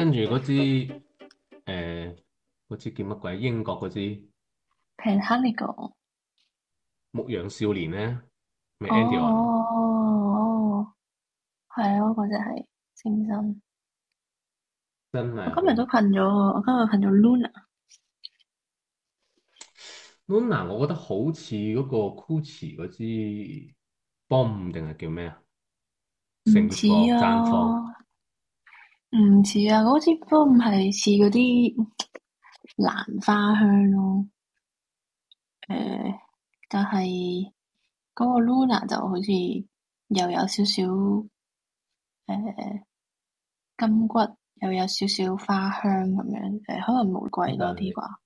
跟住嗰支誒嗰支叫乜鬼？英國嗰支。Panhandle。牧羊少年咧，Meadow、哦。哦，係、哦、啊，嗰、哦哦哦哦哦、只係清新。真係。我今日都噴咗，我今日噴咗 Luna、嗯。Luna，我覺得好似嗰個 Gucci 嗰支 Boom 定係叫咩啊？盛放，綻放。.唔似啊，嗰都唔係似嗰啲蘭花香咯。誒、呃，但係嗰個 Luna 就好似又有少少誒、呃、金骨，又有少少花香咁樣，誒、呃、可能玫瑰多啲啩。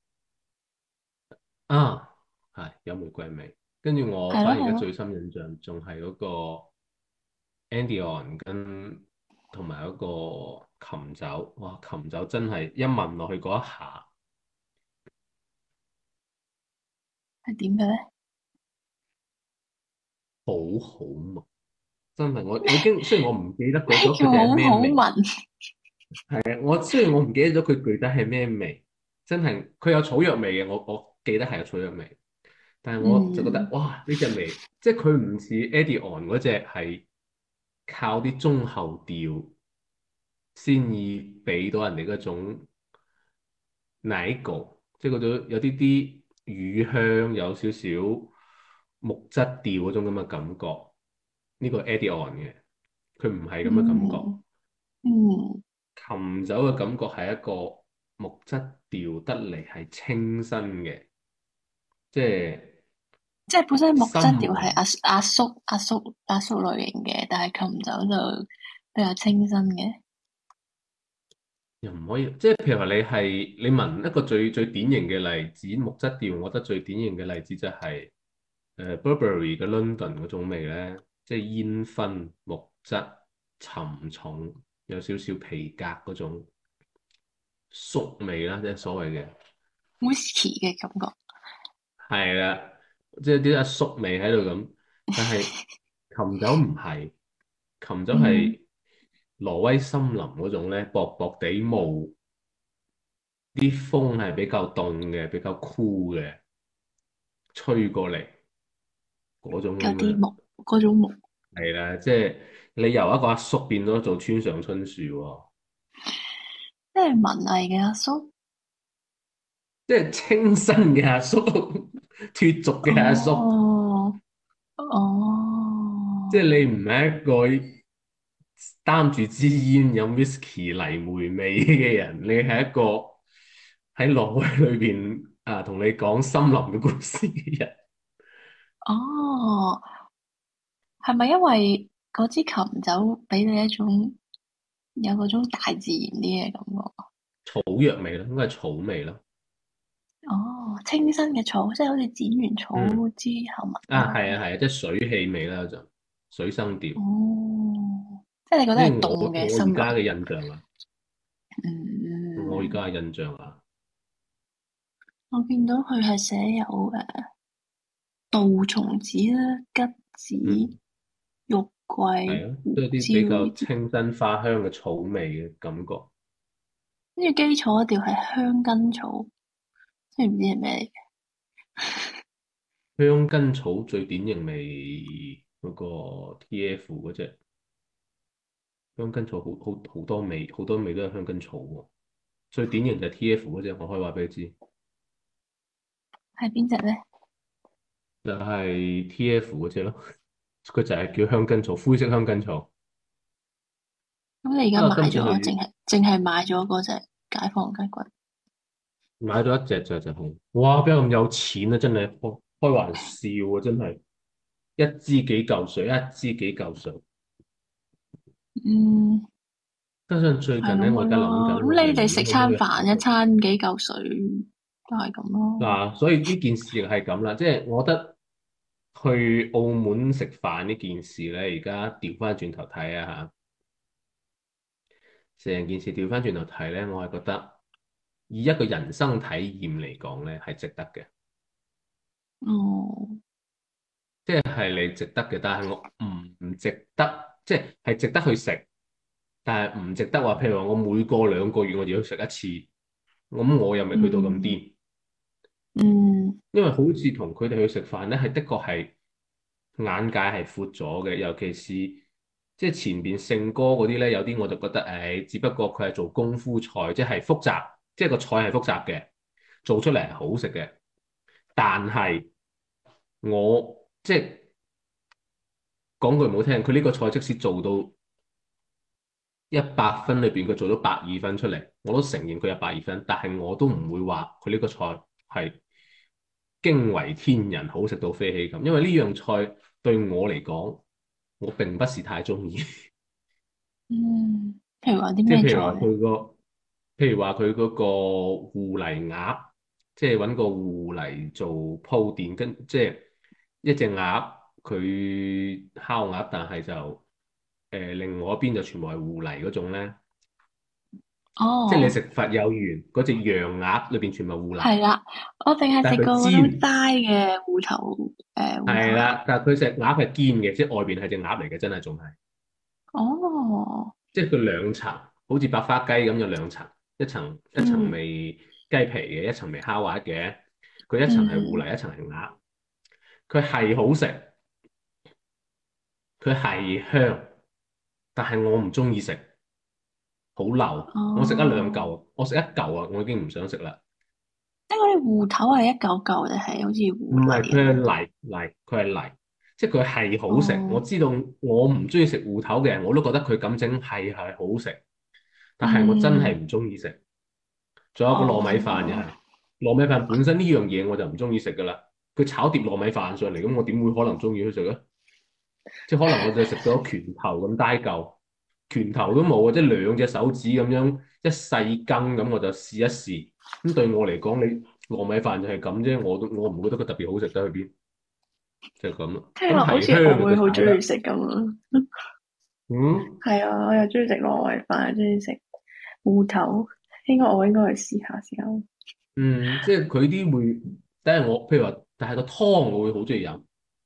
啊，係、哎、有玫瑰味。跟住我反而嘅最深印象仲係嗰個 Andy On 跟同埋嗰個。琴酒，哇，琴酒真係一聞落去嗰一下係點嘅咧？好好聞，真係我已經，雖然我唔記得嗰隻佢係咩味，係啊，我雖然我唔記，記得咗佢具體係咩味，真係佢有草藥味嘅，我我記得係有草藥味，但係我就覺得、嗯、哇呢隻、這個、味，即係佢唔似 Eddie On 嗰隻係靠啲中後調。先至俾到人哋嗰種奶焗、那個，即係嗰種有啲啲乳香，有少少木質調嗰種咁嘅感覺。呢、這個 Eddie On 嘅佢唔係咁嘅感覺，嗯，嗯琴酒嘅感覺係一個木質調得嚟係清新嘅，即係即係本身木質調係阿門阿叔阿叔阿叔類型嘅，但係琴酒就比較清新嘅。又唔可以，即係譬如話你係你聞一個最最典型嘅例子木質調，我覺得最典型嘅例子就係、是、誒、呃、Burberry 嘅 London 嗰種味咧，即係煙燻木質沉重，有少少皮革嗰種熟味啦，即係所謂嘅 whisky 嘅感覺。係啦，即係啲一熟味喺度咁，但係琴酒唔係， 琴酒係、嗯。挪威森林嗰種咧，薄薄地霧，啲風係比較凍嘅，比較酷嘅，吹過嚟嗰種。有啲霧，嗰種霧。係啦，即係你由一個阿叔變咗做村上春樹喎。即係文藝嘅阿叔，即係清新嘅阿叔，脫俗嘅阿叔。哦，哦。即係你唔係一個。擔住支煙有 whisky 泥煤味嘅人，你係一個喺落去裏邊啊，同你講森林嘅故事嘅人。哦，係咪因為嗰支琴酒俾你一種有嗰種大自然啲嘅感覺？草藥味咯，應該係草味咯。哦，清新嘅草，即係好似剪完草之後嘛、嗯。啊，係啊係啊，即係、啊啊啊啊、水氣味啦，就水生調。哦。即係你覺得係杜嘅心，我而家嘅印象啊，嗯，我而家嘅印象啊，我見到佢係寫有誒杜松子啦、橘子、嗯、玉桂，係咯、啊，都係啲比較清新花香嘅草味嘅感覺。跟住、嗯、基礎一條係香根草，即係唔知係咩嚟嘅。 香根草最典型味嗰個 T.F. 嗰隻。香根草好好好多味，好多味都係香根草喎。最典型就係 TF 嗰隻，我可以話俾你知，係邊隻咧？就係 TF 嗰隻咯，佢就係叫香根草，灰色香根草。咁你而家買咗淨係淨係買咗嗰隻解放雞骨？買咗一隻就就好。哇！邊有咁有錢啊？真係開開玩笑啊！真係一支幾嚿水，一支幾嚿水。嗯，加上最近咧，我而家諗緊，咁你哋食餐飯、嗯、一餐幾嚿水都係咁咯。嗱、啊，所以呢件事亦係咁啦， 即係我覺得去澳門食飯呢件事咧，而家調翻轉頭睇啊吓，成件事調翻轉頭睇咧，我係覺得以一個人生體驗嚟講咧，係值得嘅。哦、嗯，即係係你值得嘅，但係我唔值得。即係值得去食，但係唔值得話。譬如話，我每過兩個月我就去食一次，咁我又未去到咁癲。嗯，因為好似同佢哋去食飯咧，係的確係眼界係闊咗嘅，尤其是即係前邊聖哥嗰啲咧，有啲我就覺得，誒、哎，只不過佢係做功夫菜，即係複雜，即係個菜係複雜嘅，做出嚟係好食嘅，但係我即係。講句唔好聽，佢呢個菜即使做到一百分裏邊，佢做到百二分出嚟，我都承認佢百二分。但係我都唔會話佢呢個菜係驚為天人，好食到飛起咁。因為呢樣菜對我嚟講，我並不是太鍾意。 嗯，譬如話啲咩，即譬如話佢、嗰個，譬如話佢嗰個芋泥鴨，即係揾個芋泥做鋪墊，跟即係一隻鴨。佢烤鴨，但係就誒、呃、另外一邊就全部係芋泥嗰種咧。哦，oh. 即係你食佛有緣嗰隻羊鴨，裏邊全部係芋泥。係啦， 我淨係食過齋嘅芋頭誒。係、呃、啦，但係佢隻鴨係堅嘅，即係外邊係隻鴨嚟嘅，真係仲係。哦。Oh. 即係佢兩層，好似百花雞咁有兩層，一層一層味雞皮嘅，一層味烤鴨嘅，佢一層係芋泥，一層係鴨。佢係好食。 佢係香，但係我唔中意食，好流、oh.。我食一兩嚿，我食一嚿啊，我已經唔想食啦。因為啲芋頭係一嚿嚿嘅，係好似芋泥樣？唔係佢係泥泥，佢係泥。即係佢係好食。Oh. 我知道我唔中意食芋頭嘅，我都覺得佢咁整係係好食，但係我真係唔中意食。仲、mm. 有個糯米飯嘅，oh. 糯米飯本身呢樣嘢我就唔中意食噶啦。佢炒碟糯米飯上嚟，咁我點會可能中意去食咧？即係可能我就食咗拳頭咁大嚿，拳頭都冇啊！即係兩隻手指咁樣一細羹咁，我就試一試。咁對我嚟講，你糯米飯就係咁啫。我都我唔覺得佢特別好食得去邊，就係咁咯。聽落了提好似會好中意食咁咯。嗯，係啊，我又中意食糯米飯，又中意食芋頭。應該我應該去試下先。嗯，即係佢啲會，但係我譬如話，但係個湯我會好中意飲。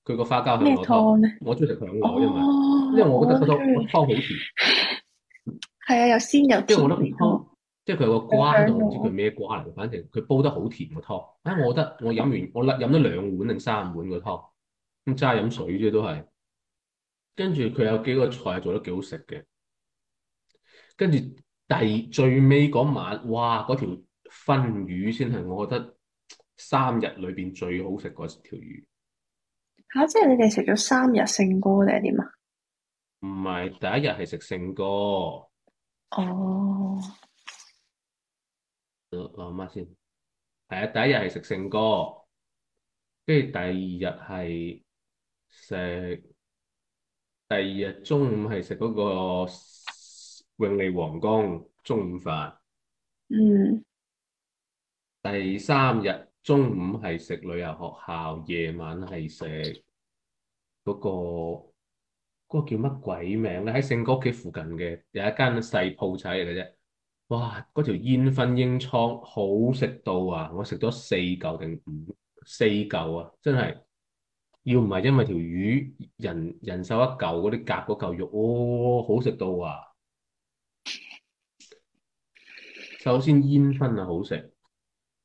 佢個花膠係我多，湯呢，我中意食響我，因為、哦、因為我覺得嗰湯好 甜，係啊，又鮮又甜。即係我覺得湯， 即係佢有個瓜都唔 知佢咩瓜嚟，反正佢煲得好甜個湯。哎，我覺得我飲完我飲咗兩碗定三碗個湯，咁齋飲水啫都係。跟住佢有幾個菜做得幾好食嘅，跟住第最尾嗰晚，哇！嗰條分魚先係我覺得三日裏邊最好食嗰條魚。吓，即係你哋食咗三日聖歌定係點啊？唔係，第一日係食聖歌。哦。我諗下先，係啊，第一日係食聖歌，跟住第二日係食，第二日中午係食嗰個永利皇宮中午飯。嗯。第三日。中午係食旅遊學校，夜晚係食嗰個嗰、嗰個叫乜鬼名咧？喺勝哥屋企附近嘅有一間細鋪仔嚟嘅啫。哇！嗰條煙燻鷹鯧好食到啊！我食咗四嚿定五四嚿啊！真係要唔係因為條魚人人手一嚿嗰啲夾嗰嚿肉，哦、好食到啊！首先煙燻啊，好食。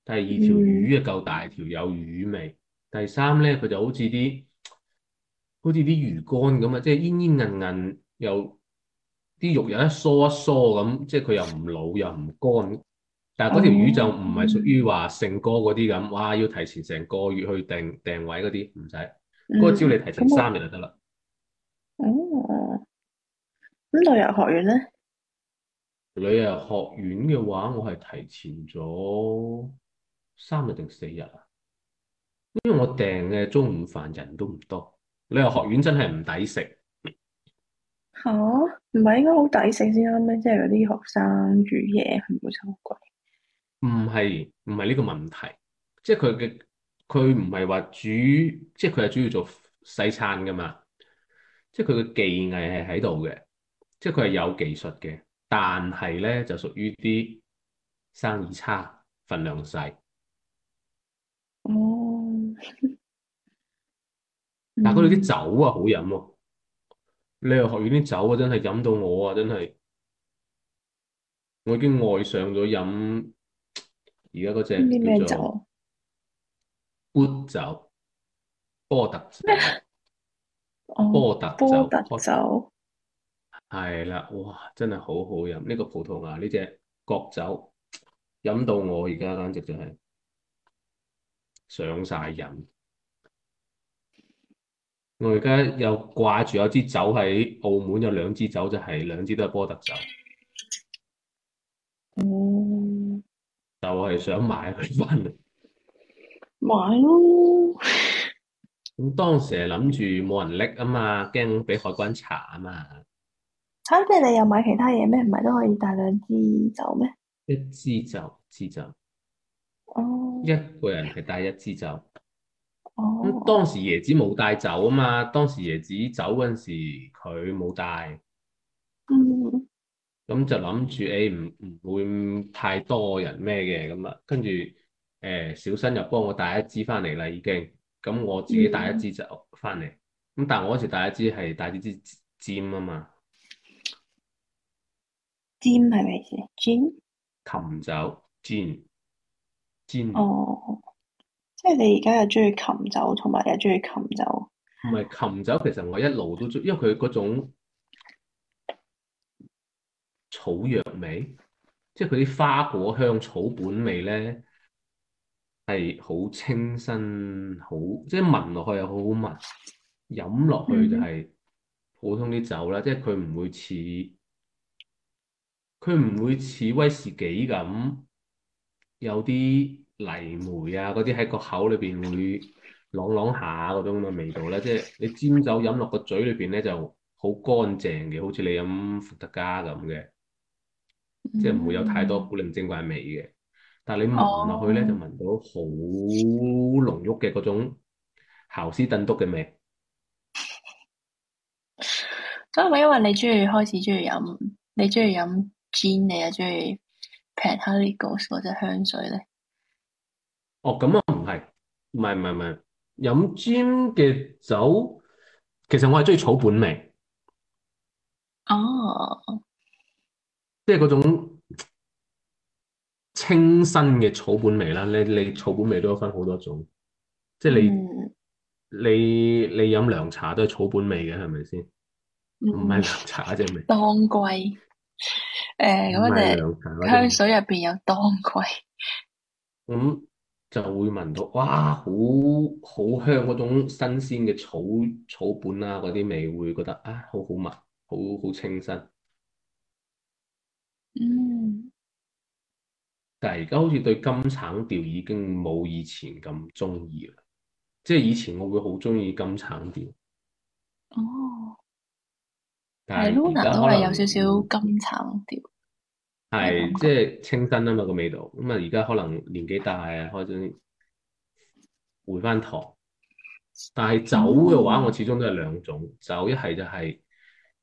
第二條魚啊，夠大條，有魚味。第三咧，佢就好似啲好似啲魚乾咁啊，即係煙煙韌韌，又啲肉又一疏一疏咁，即係佢又唔老又唔乾。但係嗰條魚就唔係屬於話聖哥嗰啲咁，哇！要提前成個月去訂訂位嗰啲唔使，嗰，只要你提前三日就得啦。哦、嗯，咁、嗯嗯呃、旅遊學院咧？旅遊學院嘅話，我係提前咗。三日定四日啊？因為我訂嘅中午飯，人都唔多，你話學院真係唔抵食。吓、啊，唔係應該好抵食先啱咩？即係嗰啲學生煮嘢係唔會收貴。唔係唔係呢個問題，即係佢嘅佢唔係話煮，即係佢係主要做西餐噶嘛。即係佢嘅技藝係喺度嘅，即係佢係有技術嘅，但係咧就屬於啲生意差，份量細。嗯、但係嗰度啲酒啊，好飲喎、啊！你又學完啲酒，啊，真係飲到我啊，真係，我已經愛上咗飲而家嗰隻叫做波特酒，波特咩波特酒，波特酒，係啦，哇，真係好好飲！呢、呢個葡萄牙呢隻國酒，飲到我而家簡直就係、是、～上晒人，我而家又掛住有支酒喺澳門，有兩支酒就係兩支都係波特酒。嗯，就係想買佢翻嚟。買咯了。咁當時係諗住冇人拎啊嘛，驚俾海關查啊嘛。嚇！即係你又買其他嘢咩？唔係都可以帶兩支酒咩？一支酒，支酒、嗯。哦。一個人係帶一支酒，咁、oh. 當時椰子冇帶酒啊嘛。當時椰子走嗰陣時，佢冇帶，咁、mm. 嗯、就諗住誒唔唔會太多人咩嘅咁啊。跟住誒小新又幫我帶一支翻嚟啦，已經咁、嗯、我自己帶一支酒翻嚟。咁但係我嗰時帶一支係帶支支尖啊嘛，尖係咪先？琴酒尖。煎哦，即係你而家又中意琴酒，同埋你又中意琴酒。唔係琴酒，其實我一路都中意，因為佢嗰種草藥味，即係佢啲花果香、草本味咧，係好清新，好，即係聞落去又好好聞，飲落去就係普通啲酒啦。嗯、即係佢唔會似，佢唔會似威士忌咁。有啲泥煤啊，嗰啲喺個口裏邊會啷啷下嗰種嘅味道咧。即係你尖酒飲落個嘴裏邊咧，就好乾淨嘅，好似你飲伏特加咁嘅，即係唔會有太多古靈精怪味嘅。但係你聞落去咧，哦、就聞到好濃郁嘅嗰種喬斯頓篤嘅味。所以，係因為你中意開始中意飲，你中意飲 g 你又中意。平下呢個嗰隻香水咧？哦，咁啊唔係，唔係唔係唔係，飲 jam 嘅酒，其實我係中意草本味。哦，即係嗰種清新嘅草本味啦。你你草本味都有分好多種，即係你、嗯、你你飲涼茶都係草本味嘅，係咪先？唔係涼茶嗰隻味，當歸。誒，咁啊、呃，香水入邊有當歸，咁、嗯、就會聞到，哇，好好香嗰種新鮮嘅草草本啦，嗰啲味會覺得啊，好好聞，好好聞，好好清新。嗯。但係而家好似對金橙調已經冇以前咁中意啦，即、就、係、是、以前我會好中意金橙調。哦。但係，而家都係有少少甘橙調，係即係清新啊嘛，個味道，咁啊而家可能年紀大啊，開始回翻糖。但係酒嘅話，我始終都係兩種、嗯、酒，一係就係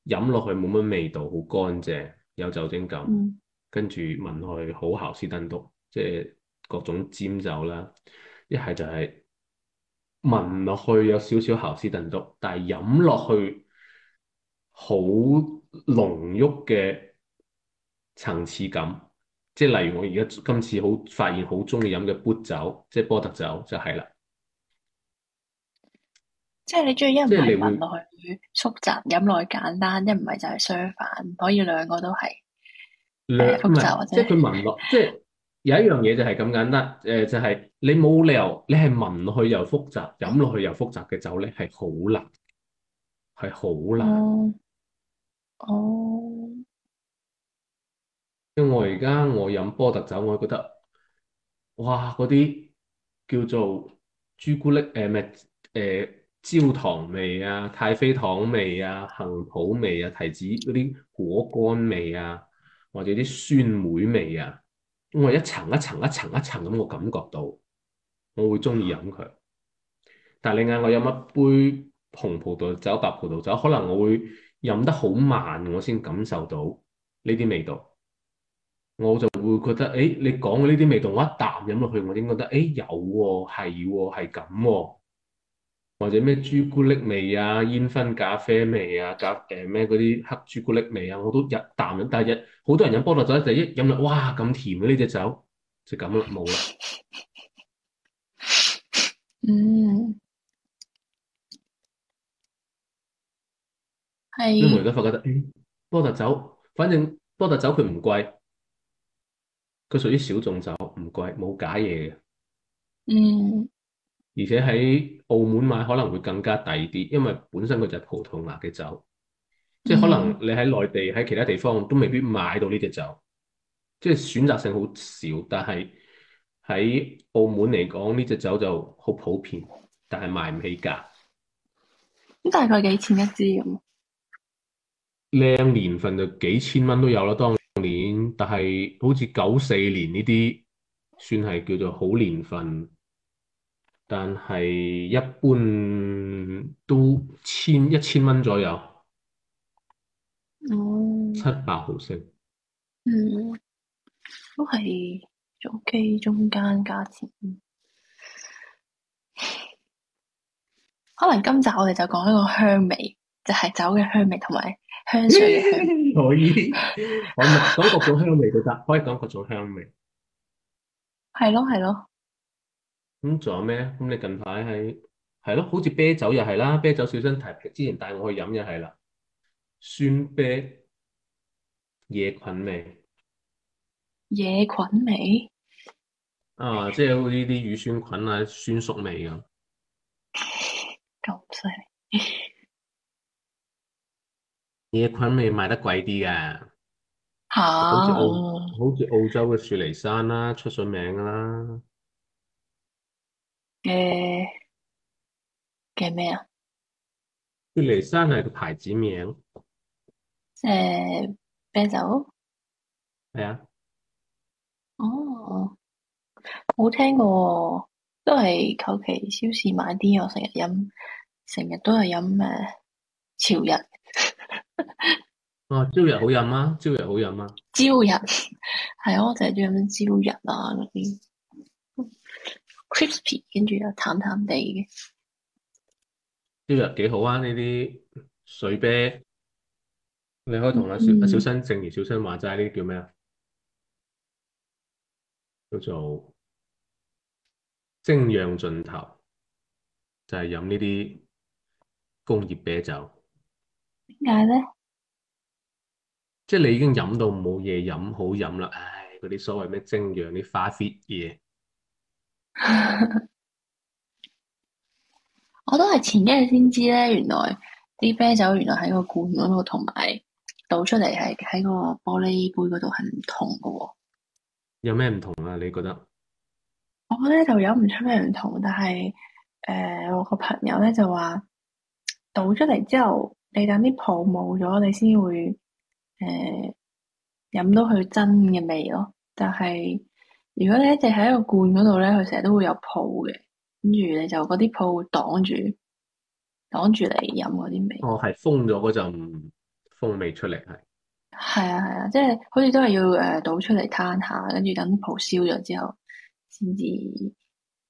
飲落去冇乜味道，好乾淨，有酒精感，嗯、跟住聞落去好豪斯登督，即係各種氈酒啦；一係就係聞落去有少少豪斯登督，但係飲落去。好濃郁嘅層次感，即係例如我而家今次好發現好中意飲嘅砵酒，即係波特酒就係、是、啦。即係你中意一唔係聞落去複會雜，飲落去簡單，一唔係就係相反，可以兩個都係、呃。複雜或者佢聞落，即係有一樣嘢就係咁簡單。誒、呃，就係、是、你冇理由，你係聞落去又複雜，飲落去又複雜嘅酒咧，係好難，係好難。嗯哦，oh. 因為我而家我飲波特酒，我覺得哇，嗰啲叫做朱古力誒咩誒焦糖味啊、太妃糖味啊、杏脯味啊、提子嗰啲果乾味啊，或者啲酸梅味啊，我一層一層一層一層咁，我感覺到我會中意飲佢。但係你嗌我飲一杯紅葡萄酒、白葡萄酒，可能我會。飲得好慢，我先感受到呢啲味道，我就會覺得，誒、欸，你講嘅呢啲味道，我一啖飲落去，我點覺得，誒、欸，有喎、哦，係喎、哦，係咁喎，或者咩朱古力味啊、煙熏咖啡味啊、咖誒咩嗰啲黑朱古力味啊，我都一啖飲，但係好多人飲菠蘿酒就一飲落，哇，咁甜嘅呢隻酒就咁啦，冇啦。嗯。因為我而家發覺得、哎，波特酒，反正波特酒佢唔貴，佢屬於小眾酒，唔貴，冇假嘢嘅。嗯。而且喺澳門買可能會更加抵啲，因為本身佢就係葡萄牙嘅酒，即係可能你喺內地喺其他地方都未必買到呢隻酒，即係選擇性好少。但係喺澳門嚟講呢隻酒就好普遍，但係賣唔起價。咁大概幾錢一支咁？靚年份就幾千蚊都有啦，當年，但係好似九四年呢啲，算係叫做好年份，但係一般都千一千蚊左右。哦、嗯，七百毫升，嗯，都係早 k 中間價錢。可能今集我哋就講一個香味，就係、是、酒嘅香味同埋。香水、啊、 可以，可 感覺到香味都得，可以感覺到香味。係咯，係咯。咁仲有咩？咁你近排係係咯，好似啤酒又係啦，啤酒小新提，之前帶我去飲又係啦，酸啤野菌味，野菌味。菌味啊，即係呢啲乳酸菌啊，酸熟味咁。咁犀利。野菌味賣得貴啲嘅，嚇、啊！好似澳好似澳洲嘅、啊啊、雪梨山啦，出咗名嘅啦。誒嘅咩啊？雪梨山係個牌子名。誒、呃，啤酒？係啊？哦，冇聽過，都係求其超市買啲，我成日飲，成日都係飲咩？朝日。哦，朝日好飲啊！朝日好飲啊,朝日 我朝啊！朝日係我就係中意朝日啊嗰邊，crispy 跟住又淡淡地嘅朝日幾好啊！呢啲水啤，你可以同阿小阿、嗯啊、小新、正如小新話齋呢啲叫咩啊？叫做精釀盡頭，就係飲呢啲工業啤酒。點解咧？即係你已經飲到冇嘢飲好飲啦，唉！嗰啲所謂咩精釀啲花 fit 嘢， 我都係前一日先知咧，原來啲啤酒，原來喺個罐嗰度，同埋倒出嚟係喺個玻璃杯嗰度係唔同噶。有咩唔同啊？你覺得？我覺得就飲唔出咩唔同，但係誒、呃，我個朋友咧就話倒出嚟之後，你等啲泡冇咗，你先會。誒，飲、呃、到佢真嘅味咯，但係如果你一直喺個罐嗰度咧，佢成日都會有泡嘅，跟住咧就嗰啲泡會擋住擋住你飲嗰啲味。哦，係封咗嗰陣風味出嚟，係係啊係啊，即係、啊就是、好似都係要誒、啊、倒出嚟攤下，跟住等啲泡燒咗之後，先至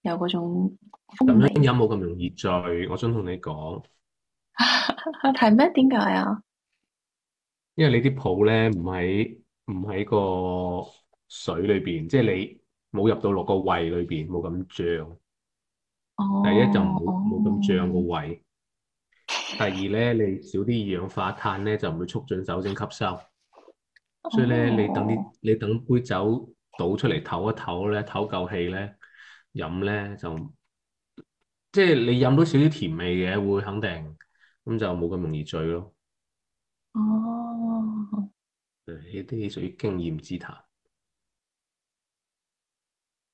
有嗰種風味。咁樣有冇咁容易醉，我想同你講。係咩？ 點解啊？因為你啲泡咧唔喺唔喺個水裏邊，即係你冇入到落個胃裏邊，冇咁脹。哦。Oh. 第一就冇冇咁脹個胃。第二咧，你少啲二氧化碳咧，就唔會促進酒精吸收。所以咧，oh. 你等啲你等杯酒倒出嚟唞一唞咧，唞夠氣咧飲咧就即係你飲到少啲甜味嘅，會肯定咁就冇咁容易醉咯。哦。一啲屬於經驗之談。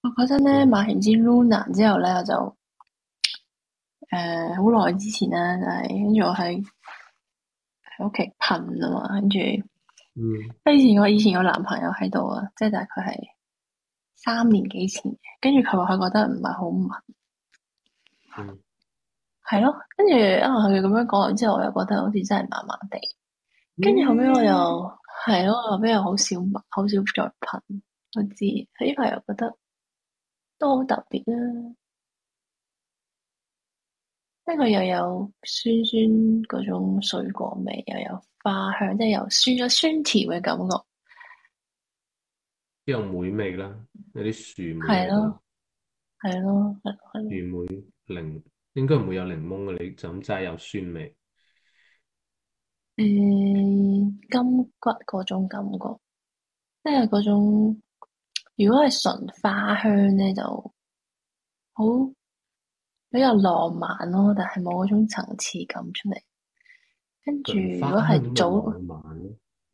我嗰陣咧，買完支 Luna 之後咧，我就誒，好耐之前啦，就係跟住我喺喺屋企噴啊嘛，跟住嗯，以前我以前有男朋友喺度啊，即係大概係三年幾前，跟住佢話佢覺得唔係好唔係，係咯，跟住因為佢咁樣講完之後，我又覺得好似真係麻麻地。跟住、嗯、後屘我又係咯，後屘又好少好少再噴。我知佢依排又覺得都好特別啦，啊。因為佢又有酸酸嗰種水果味，又有花香，即係又酸咗酸甜嘅感覺。有梅味啦，有啲樹梅。係咯，係咯。原梅檸應該唔會有檸檬嘅，就咁齋有酸味。嗯。金骨嗰種感覺，即係嗰種。如果係純花香咧，就好，比較浪漫咯，但係冇嗰種層次感出嚟。跟住如果係早，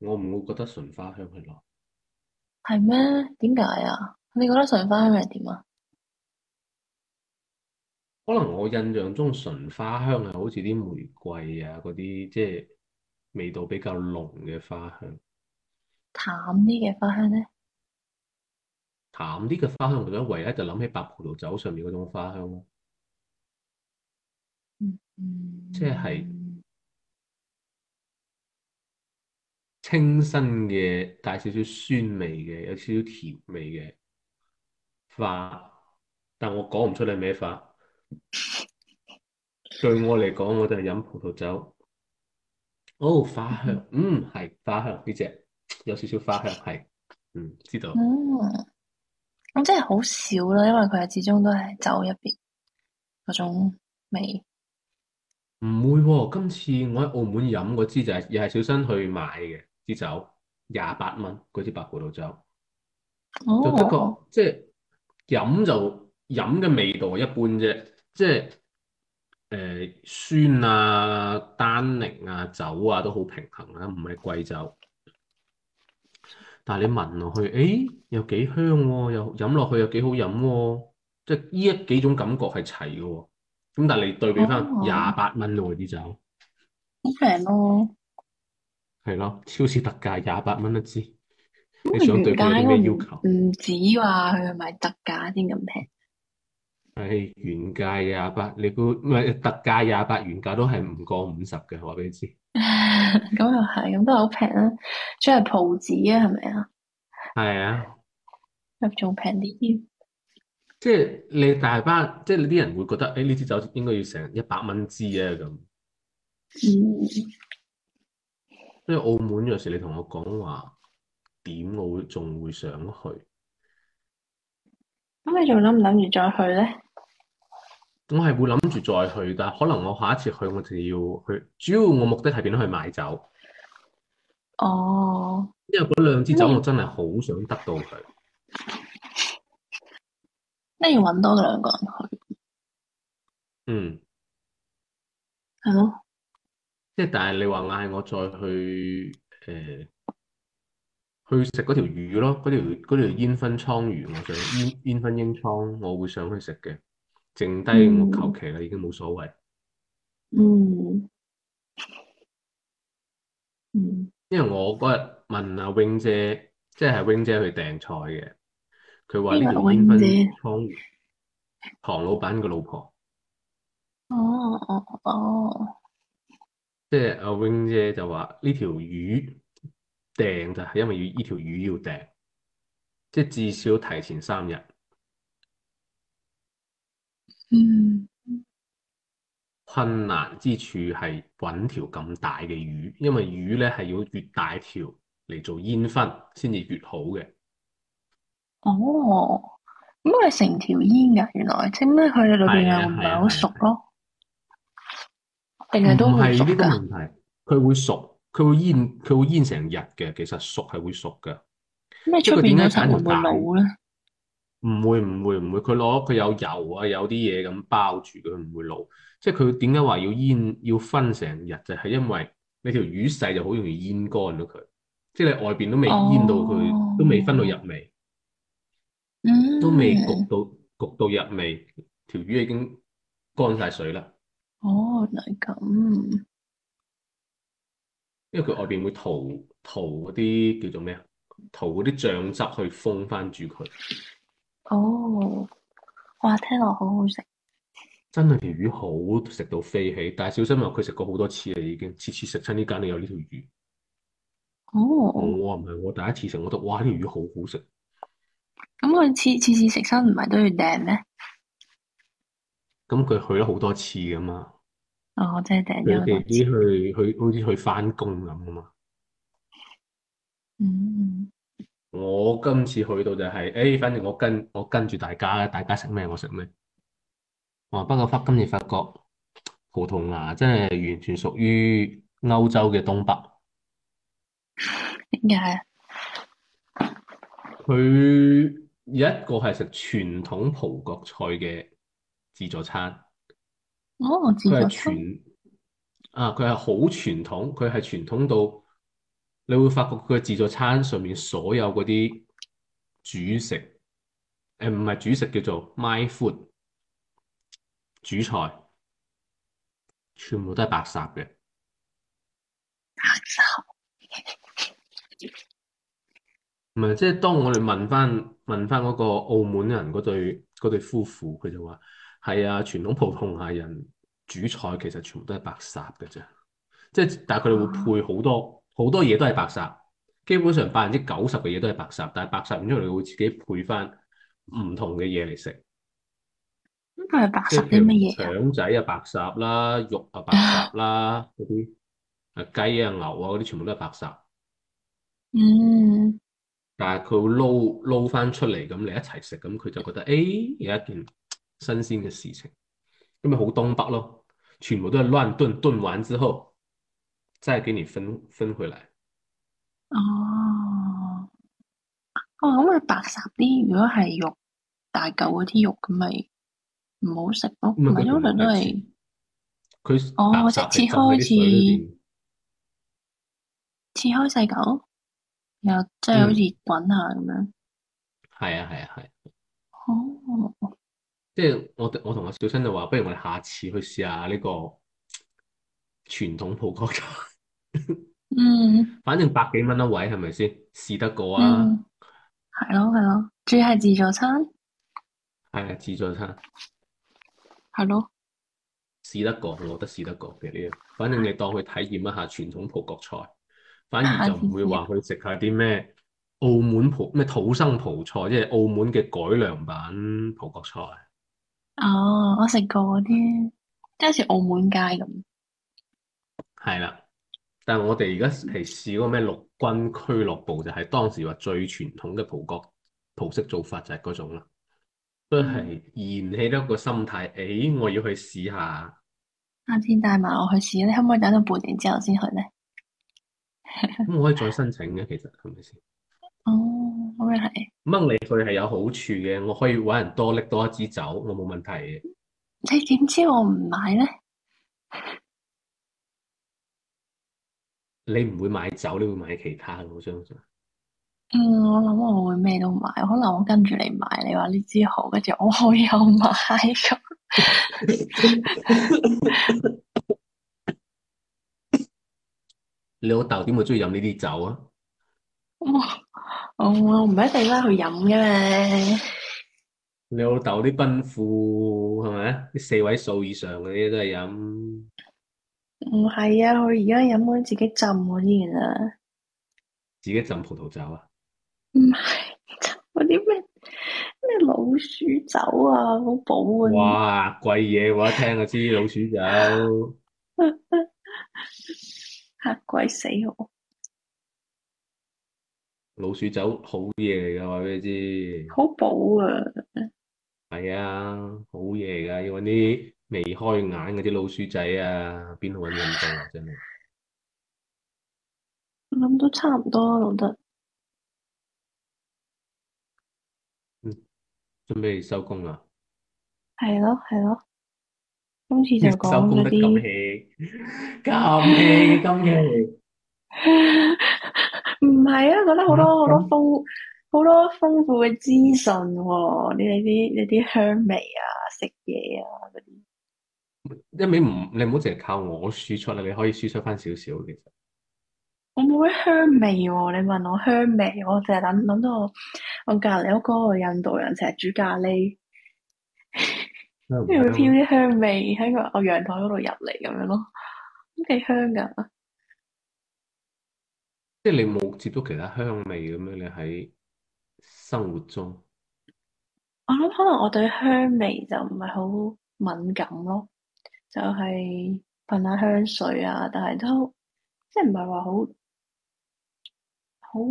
我唔會覺得純花香係浪漫。係咩？點解啊？你覺得純花香係點啊？可能我印象中純花香係好似啲玫瑰啊嗰啲，即係。味道比較濃嘅花香，淡啲嘅花香咧，淡啲嘅花香，我覺得唯一維咧就諗起白葡萄酒上面嗰種花香咯，嗯，即係清新嘅，帶少少酸味嘅，有少少甜味嘅花，但我講唔出你係咩花， 對我嚟講，我就係飲葡萄酒。哦，花、oh, 香，mm hmm. 嗯，係花香呢隻，有少少花香，係，嗯，知道。嗯，咁即係好少啦，因為佢係始終都係酒入邊嗰種味。唔會、哦，今次我喺澳門飲嗰支就係、是，又係小新去買嘅支酒，廿八蚊嗰支白葡萄酒，就，過、oh. 就的確即係飲就飲嘅味道一般啫，即係。誒、呃、酸啊、單寧啊、酒啊都好平衡啊，唔係貴酒。但係你聞落去，誒又幾香喎，又飲落、啊、去又幾好飲喎、啊，即係呢一幾種感覺係齊嘅喎。咁但係你對比翻廿八蚊內啲酒，好平咯。係咯，超市特價廿八蚊一支。你想對佢有咩要求？唔止話佢買特價先咁平。係原價廿八，你估唔係特價廿八？原價都係唔過五十嘅，我話俾你知。咁又係，咁都係好平啊，即係鋪子啊，係咪啊？係啊，仲平啲。即係你大班，即係你啲人會覺得，誒呢支酒應該要成一百蚊支啊咁。嗯。因為澳門有時你同我講話點，我會仲會上去。咁你仲諗唔諗住再去咧？我係會諗住再去噶，但係可能我下一次去我就要去，主要我目的係點去買酒。哦，因為嗰兩支酒、嗯、我真係好想得到佢。一定、嗯、要搵多兩個人去。嗯，係咯嗎。即係，但係你話嗌我再去誒。呃去食嗰條魚咯，嗰條嗰條煙燻倉魚，我想煙煙燻煙倉，我會想去食嘅。剩低我求其啦，已經冇所謂。嗯嗯，嗯，因為我嗰日問阿榮姐，即係係榮姐去訂菜嘅，佢話呢條煙燻倉魚，唐老闆個老婆。哦哦哦！嗯嗯、即係阿榮姐就話呢條魚。訂就係因為要依條魚要訂，即係至少提前三日。嗯，困難之處係搵條咁大嘅魚，因為魚咧係要越大條嚟做煙熏先至越好嘅。哦，咁係成條煙噶，原來，整原來即係咩？佢裏邊又唔係好熟咯？定係都唔係呢個問題，佢會熟。佢會腌佢會腌成日嘅，其實熟係會熟㗎。咩出邊就唔會老咧？唔會唔會唔會？佢攞佢有油啊，有啲嘢咁包住佢，唔會老。即係佢點解話要腌要分成日？就係、是、因為你條魚細就好容易腌乾咗佢，即係你外邊都未腌到佢，oh. 都未分到入味，mm. 都未焗到焗到入味，條魚已經乾晒水啦。哦、oh，係咁。因為佢外邊會塗塗嗰啲叫做咩啊？塗嗰啲醬汁去封翻住佢。哦，哇，聽落好好食。真係條魚好食到飛起，但係小心話佢食過好多次啦，已經次次食親呢間都有呢條魚。哦，我唔係我第一次食，我都覺得哇呢條魚好好食。咁佢次次次食親唔係都要訂咩？咁佢去咗好多次噶嘛。哦，即係第一日，去去好似去翻工咁啊嘛。嗯，我今次去到就係、是，誒、欸，反正我跟我跟住大家，大家食咩我食咩。哦、啊，不過發今次發覺，葡萄牙真係完全屬於歐洲嘅東北。點解啊？佢一個係食傳統葡國菜嘅自助餐。哦，我知，佢係傳啊！佢係好傳統，佢係傳統到你會發覺佢嘅自助餐上面所有嗰啲主食誒，唔、呃、係主食叫做 my food 主菜，全部都係白烚嘅。白烚唔係即係當我哋問翻問翻嗰個澳門人嗰對嗰對夫婦，佢就話。係啊，傳統葡萄牙人煮菜其實全部都係白烚嘅啫，即係但係佢哋會配好多好、嗯、多嘢都係白烚，基本上百分之九十嘅嘢都係白烚。但係白烚然之後，你會自己配翻唔同嘅嘢嚟食。咁佢係白烚啲乜嘢？腸仔啊，白烚啦，肉啊白烚啦，嗰啲啊雞啊牛啊嗰啲全部都係白烚。嗯。但係佢會撈撈翻出嚟咁，你一齊食咁，佢就覺得誒、欸、有一件新鮮嘅事情，咁咪好東北咯！全部都係亂燉燉完之後，再俾你分分回來。哦，哦咁咪白烚啲。如果係肉大嚿嗰啲肉咁咪唔好食咯。唔係、嗯，通常都係佢哦，即切開似切開細嚿，又即係好似、嗯、滾下咁樣。係啊係啊係。哦。即係我我同阿小新就話，不如我哋下次去試下呢個傳統葡國菜。 嗯，反正百幾蚊一位係咪先？試得過啊？係咯係咯，主要係自助餐。係啊，自助餐。係咯的。試得過，我覺得試得過嘅呢樣。反正你當去體驗一下傳統葡國菜，反而就唔會話去食下啲咩澳門葡咩土生葡菜，即係澳門嘅改良版葡國菜。哦，oh, 我食過嗰啲，即係好似澳門街咁。係啦、 啊，但係我哋而家嚟試嗰個咩陸軍俱樂部，就係、是、當時話最傳統嘅葡國葡式做法就係嗰種啦。Mm hmm. 都係燃起一個心態，誒，我要去試下。啱、 啊、先帶埋我去試，你可唔可以等到半年之後先去咧？咁、 嗯、我可以再申請嘅、啊，其實係咪先？哦。 oh. 咁咪係掹，你佢係有好處嘅，我可以搵人多拎，多一支酒，我冇問題嘅。你點知我唔買咧？你唔會買酒，你會買其他嘅，我相信。嗯，我諗我會咩都買，可能我跟住你買。你話呢支好，跟住我好有買咁。 你老豆點會中意飲呢啲酒啊？哇！我唔係一陣間去飲噶嘛？你老豆啲奔富係咪啊？啲四位數以上嗰啲都係飲。唔係啊，佢而家飲緊自己浸嗰啲啊。自己浸葡萄酒啊？唔係，嗰啲咩咩老鼠酒啊，好補啊。哇，貴嘢我一聽就知 老鼠酒，嚇鬼 死我！老鼠酒好嘢嚟噶，話俾你知。好補啊！係啊，好嘢嚟噶，要搵啲未開眼嗰啲老鼠仔啊，邊度搵咁多啊？真係。我諗都差唔多，老得。嗯，準備收工啦。係咯，係咯。今次就講嗰啲。鹹氣，鹹氣，鹹氣。唔係啊，覺得好多好、嗯、多豐，好多豐富嘅資訊、啊，呢啲呢啲香味啊，食嘢啊嗰啲。一味唔，你唔好淨係靠我，我輸出啦，你可以輸出翻少少。其實我冇咩香味喎、啊，你問我香味，我淨係諗諗到我我隔籬屋嗰個印度人成日煮咖喱，跟住會飄啲香味喺、嗯嗯、個我陽台嗰度入嚟咁樣咯，咁幾香噶。即係你冇接到其他香味咁樣，你喺生活中，我諗可能我對香味就唔係好敏感咯，就係噴下香水啊，但係都即係唔係話好好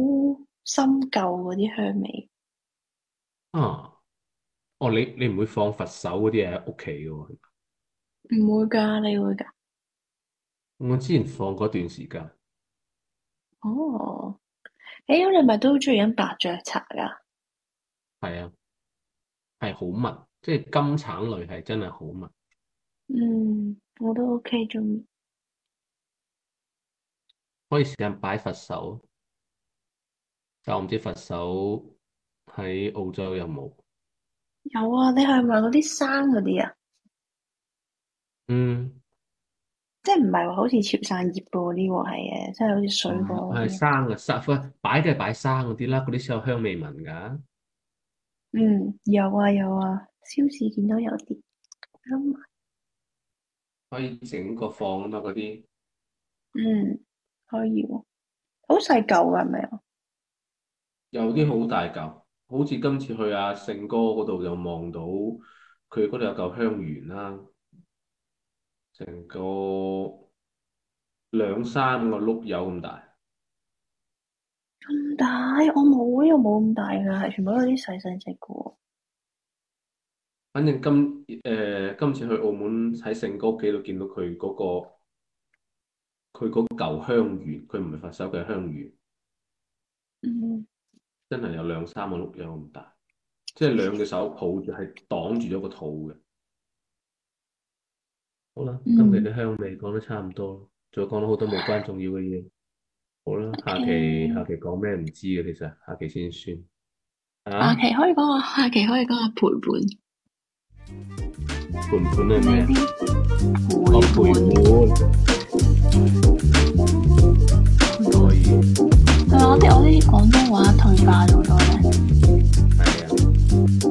深究嗰啲香味。啊，哦，你你唔會放佛手嗰啲嘢喺屋企噶？唔會噶，你會噶？我之前放過一段時間。哦，誒、欸，咁你咪都好中意飲白雀茶噶？係啊，係好密，即係金橙類係真係好密。嗯，我都 OK 中意。可以時間擺佛手，但我唔知佛手喺澳洲有冇？有啊，你係買嗰啲生嗰啲啊？即係唔係話好似切散葉呢啲，係啊，即係好似水果。係生嘅，十分擺嘅係擺生嗰啲啦，嗰啲先有香味聞噶。嗯，有啊有啊，超市見到有啲。咁、嗯、可以整個放啊嗰啲。嗯，可以、啊是是，好細舊啊，係咪啊？有啲好大舊，好似今次去阿、啊、勝哥嗰度又望到佢嗰度有嚿香櫞啦、啊。成個兩三個碌柚咁大，咁大我冇，又冇咁大嘅，係全部都係啲細細隻嘅。反正今誒、呃、今次去澳門喺勝哥屋企度見到佢嗰、嗰個，佢嗰嚿香芋，佢唔係佛手，嘅香芋，嗯，真係有兩三個碌柚咁大，即係兩隻手抱住係擋住咗個肚嘅。好啦，今期啲香味講得差唔多，仲講咗好多無關重要嘅嘢。好啦，下期，下期講咩唔知嘅？其實，下期先算。下期可以講下，下期可以講下陪伴。陪伴係咩？陪伴。係我啲我啲廣東話退化咗咗咧。係啊。